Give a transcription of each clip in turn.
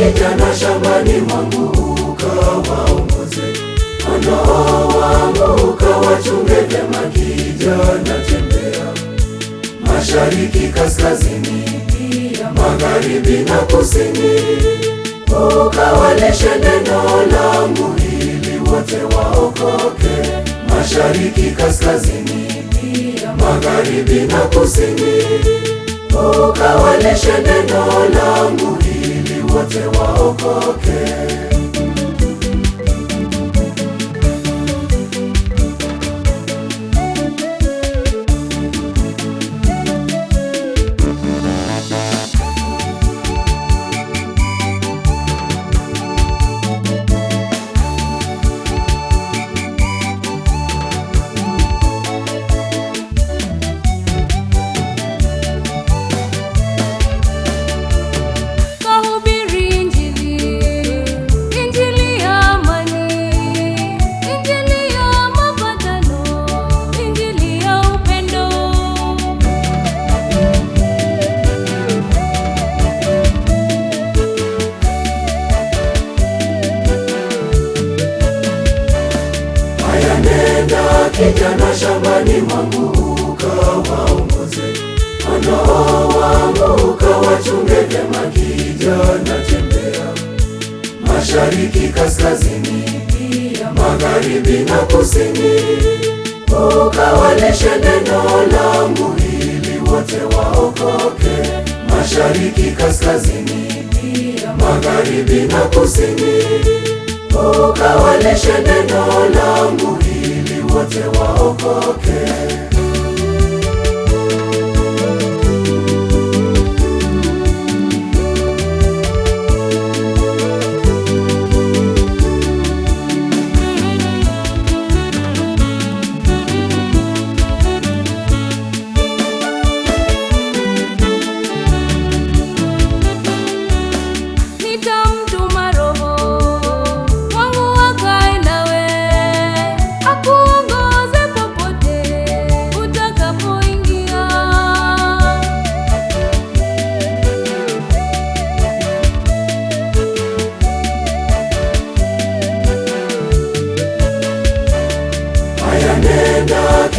kijana shambani mwangu ukawaongoze, kondoo wangu ukawachunge vyema. Kijana tembea mashariki, kaskazini, magharibi na kusini, ukawaleshe neno langu ili wote waokoke. Mashariki, kaskazini, magharibi na kusini, ukawaleshe neno langu wote waokoke. kijana shambani mwangu ukawaongoze, wana wangu ukawachunge vyema. Kijana tembea mashariki, kaskazini, magharibi na kusini, ukawaleshe neno langu ili wote waokoke. Mashariki, kaskazini, magharibi na kusini, ukawaleshe neno langu okay.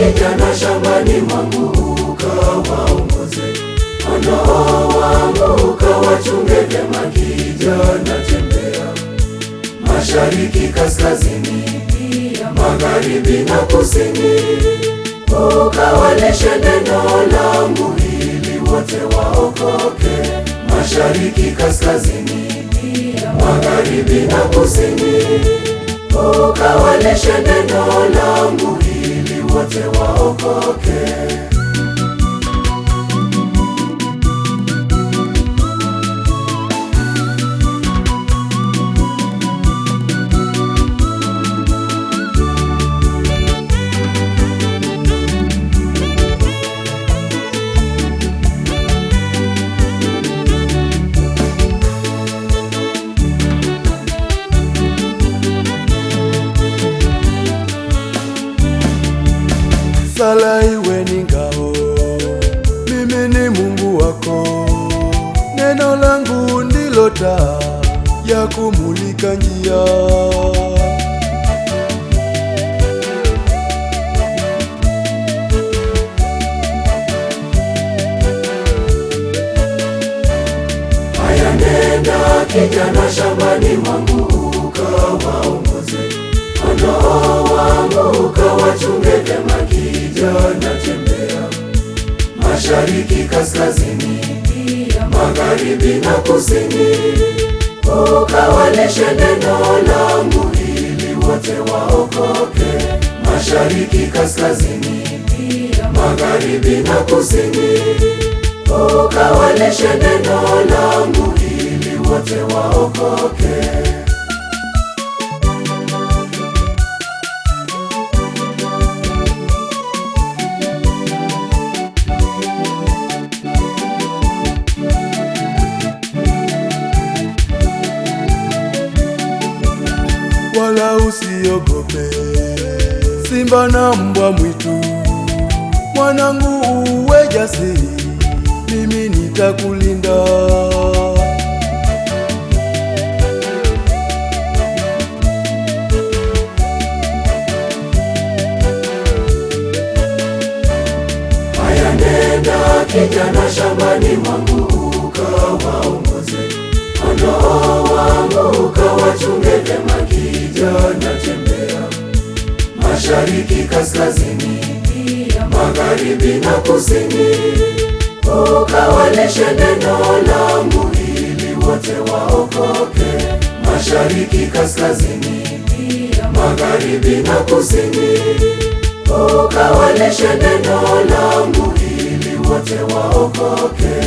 kijana shambani mwangu kawaongoze kondoo wangu ukawachunge vyema. Kijana tembea mashariki, kaskazini, magharibi na kusini, ukawaleshe neno langu ili wote waokoke. Mashariki, kaskazini, magharibi na kusini, ukawaleshe neno langu wote waokoke. sala iwe ni ngao, mimi ni Mungu wako, neno langu ndilo taa ya kumulika njia. Haya, nenda kijana, shambani mwangu ukawaongoze, kondoo wangu ukawachunge mashariki, kaskazini, magharibi na kusini, ukawaleshe neno langu ili wote waokoke. Mashariki, kaskazini, magharibi na kusini, ukawaleshe neno langu ili wote waokoke. simba na mbwa mwitu, mwanangu uwe jasiri, mimi nitakulinda. Haya, nenda kijana shambani mwangu ukawaongoze kondoo wangu, ukawachunge vyema kijana mashariki, kaskazini, magharibi na kusini, ukawaleshe neno langu ili wote waokoke. Mashariki, kaskazini, magharibi na kusini, ukawaleshe neno langu ili wote waokoke.